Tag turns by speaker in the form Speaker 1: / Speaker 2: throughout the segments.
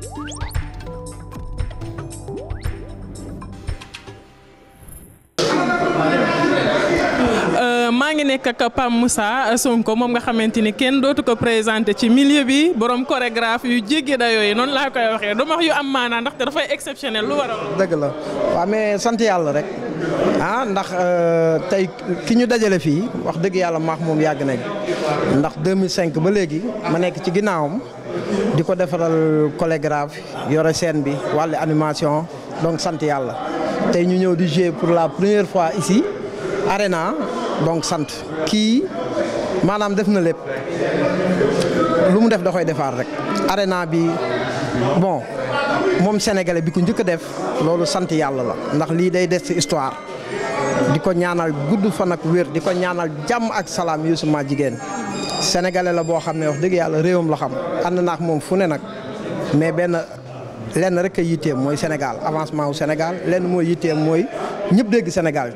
Speaker 1: Euh,
Speaker 2: maa ngi nekk ak Pape Moussa Sonko moom nga xamante ni kenn dootu ko présenté ci milieu bi borom chorégraphe yu jéggi dayoo yi noonu laa koy waxee du wax yu am maanaa ndaxte dafay exceptionnel lu waral.
Speaker 3: dëgg la waaw mais sant yàlla rek ah ndax euh, tey ki ñu dajale fii wax dëgg yàlla maax moom yàgg nañ ndax 2005 ba léegi ma nekk ci ginnaawam. di ko defaral chorégraphe yore scène bi wàllu animation donc sant yàlla tey ñu ñëw di jouer pour la première fois ici Arena donc sant kii maanaam def na lépp lu mu def da koy defar rek Arena bi bon moom sénégalais bi ku njëkk a def loolu sant yàlla la ndax lii day des ci histoire di ko ñaanal gudd fan ak wér di ko ñaanal jàmm ak salaam Youssou ma jigéen sénégalais la boo xam ne wax la xam ànd naak moom fu ne nag mais benn lenn rek a yitteem mooy Sénégal avancement wu Sénégal lenn mooy yitteem mooy ñëpp dégg Sénégal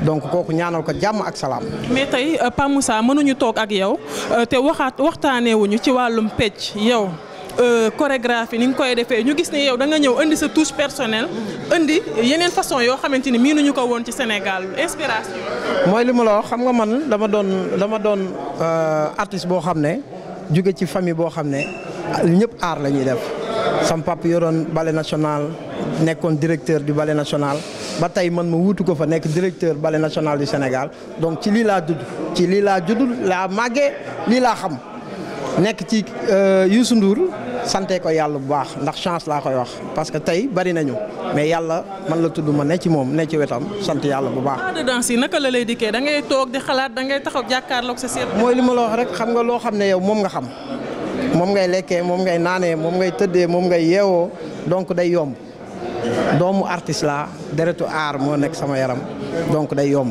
Speaker 3: donc kooku ñaanal ko jàmm ak salaam.
Speaker 2: mais tey euh, Pa Moussa mënuñu toog ak yow euh, te waxaat waxtaaneewuñu ci wàllum pecc yow euh, chorégraphie ni nga koy defee ñu gis ne yow da nga ñëw indi sa touche personnelle indi yeneen façon yoo xamante ni miinuñu ko woon ci Sénégal
Speaker 3: la wax xam nga man dama doon dama doon. Euh, artiste boo xam ne jóge ci famille boo xam ne ñëpp aar la ñuy def sam bale national nekkoon directeur du ballet national ba tey man ma wuutu ko fa nekk directeur ballet national du Sénégal donc ci lii laa judd ci lii laa judd laa màggee lii laa xam nekk ci euh, Youssou Ndour sante ko yàlla bu baax ndax chance laa koy wax parce que tey bari nañu mais yàlla man la tudd ma ne ci moom ne ci wetam sant yàlla bu baax.
Speaker 2: pas de naka la lay dikkee da ngay toog di xalaat taxaw jàkkaarloog sa mooy li ma
Speaker 3: la wax rek xam nga loo xam ne yow moom nga xam moom ngay lekkee moom ngay naanee moom ngay tëddee moom ngay yeewoo donc day yomb doomu artiste la deretu aar moo nekk sama yaram. donc day yomb.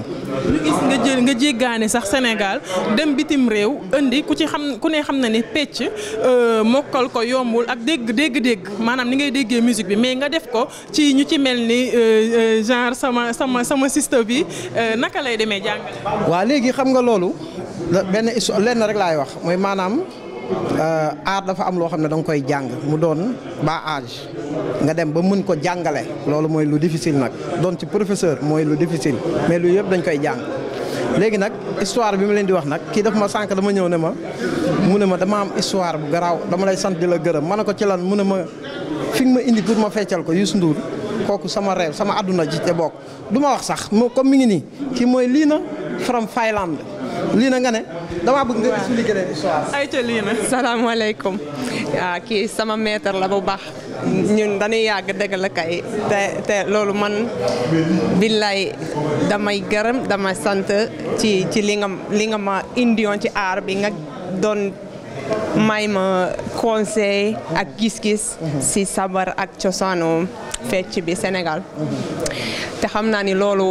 Speaker 2: ñu gis nga jël nga jéggaane sax Sénégal dem bitim réew indi ku ci xam ku ne xam na ni pecc euh, mokkal ko yombul ak dégg dégg-dégg maanaam ni ngay déggee musique bi mais nga def ko ci ñu ci mel ni euh, euh, genre sama sama sama sista bi naka lay demee jàngale.
Speaker 3: waaw léegi xam nga loolu benn lenn rek laay wax mooy maanaam. Euh, aar dafa am loo xam ne da nga koy jàng mu doon ba âge nga dem ba mën ko jàngale loolu mooy lu difficile nag doon ci professeur mooy lu difficile mais lu yëpp dañ koy jàng léegi nag histoire bi ma leen di wax nag kii def ma sànq dama ñëw ne ma mu ne ma dama am histoire bu garaaw dama lay sant di la gërëm ma ne ko ci lan mu ne ma fi nga ma indi pour ma feccal ko Youssou Ndour kooku sama réew sama àdduna ji te bokk du ma wax sax comme mi ngi nii kii mooy lii na from Finlande Lina nga ne damaa bëgg nga expliquer leen histoire.
Speaker 1: ayca Lina. salaamaaleykum waaw ah, kii sama maître la bu baax ñun dañuy yàgg dëgg la kay te loolu man billaay damay gërëm damay sant ci ci nga ma indiwoon ci aar bi nga doon may ma conseil ak gis-gis si sabar ak cosaanu ci bi Sénégal te xam naa ni loolu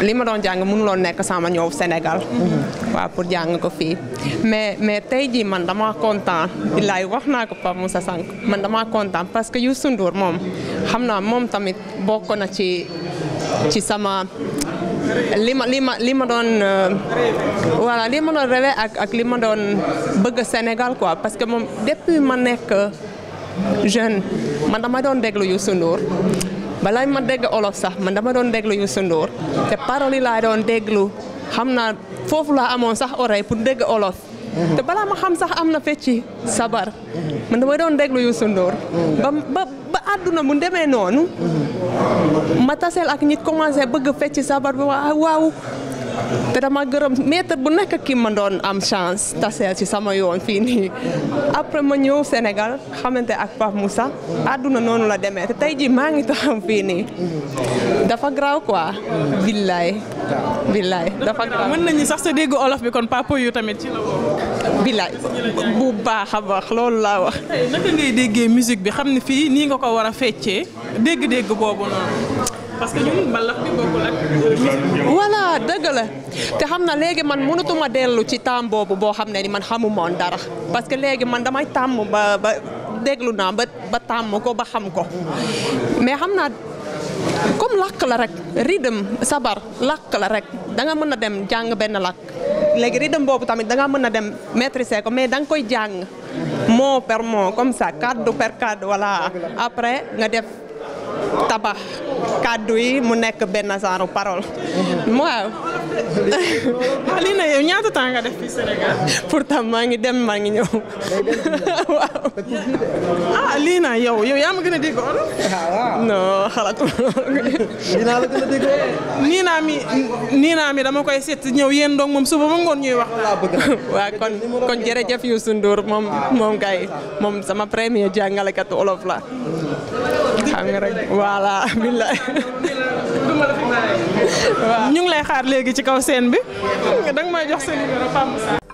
Speaker 1: lii ma doon jàng loon nekk sama ñëw Sénégal. waaw pour jàng ko fii mais mais tey jii man damaa kontaan. billaay wax naa ko Pape Moussa Sank man damaa kontaan parce que Youssou Ndour moom xam naa moom tamit bokk na ci ci sama. li ma li ma li ma doon euh, voilà li ma doon ak ak li ma doon bëgg Sénégal quoi parce que moom depuis ma nekk jeune man dama doon déglu Youssou Ndour balaa ma dégg olof sax man dama doon déglu Youssou Ndour te parole yi laa doon déglu xam naa foofu laa amoon sax oreille pour dégg olof. te balaa ma xam sax am na fecci sabar. man dama doon déglu Youssou Ndour. ba àdduna bu demee noonu. ma taseel ak ñi commencé bëgg fecci sabar bi waaw. te dama gërëm maître bu nekk ki ma doon am chance tasel ci sama yoon fii nii après ma ñëw Sénégal xamante ak Pape Moussa àdduna noonu la demee te tey jii maa ngi taxaw fii nii dafa graw quoi billaay billaay
Speaker 2: dafa graw mën nañu sax sa dégg olof bi kon papa yu tamit ci billaay bu baax a baax loolu laa wax naka ngay déggee musique bi xam ne fii nii nga ko war a feccee dégg-dégg boobu noonu parce que ñun mbalax euh,
Speaker 1: dëgg la te xam na léegi man mënatuma dellu ci temps boobu boo xam ne ni man xamuma woon dara parce que léegi man damay tàmm ba ba déglu naa ba ba tàmm ko ba xam ko mais xam naa comme làkk la rek rythme sabar làkk la rek danga nga mën a dem jàng benn làkk léegi rythme boobu tamit da nga mën a dem maîtriser ko mais da nga koy jàng mot par mot comme ça kaddu par kaddu voilà après nga def. taba kàddu yi mu nekk benn genre parole. Mhm. waaw. lii na yow ñaata maa ngi dem maa ngi
Speaker 2: ah, yow yow yaa ma gën a dégg olof.
Speaker 1: Ah, non xalaatuma loolu.
Speaker 2: nii naa mi nii naa mi dama koy seet ñëw yéen donc moom suba ngoon ñuy wax. waaw kon kon jërëjëf Youssou Ndour moom
Speaker 1: moom kay moom sama premier
Speaker 2: jàngalekatu olof la. xam nga rek ngi lay xaar léegi ci kaw seen bi danga may jox seen numéro Pape Moussa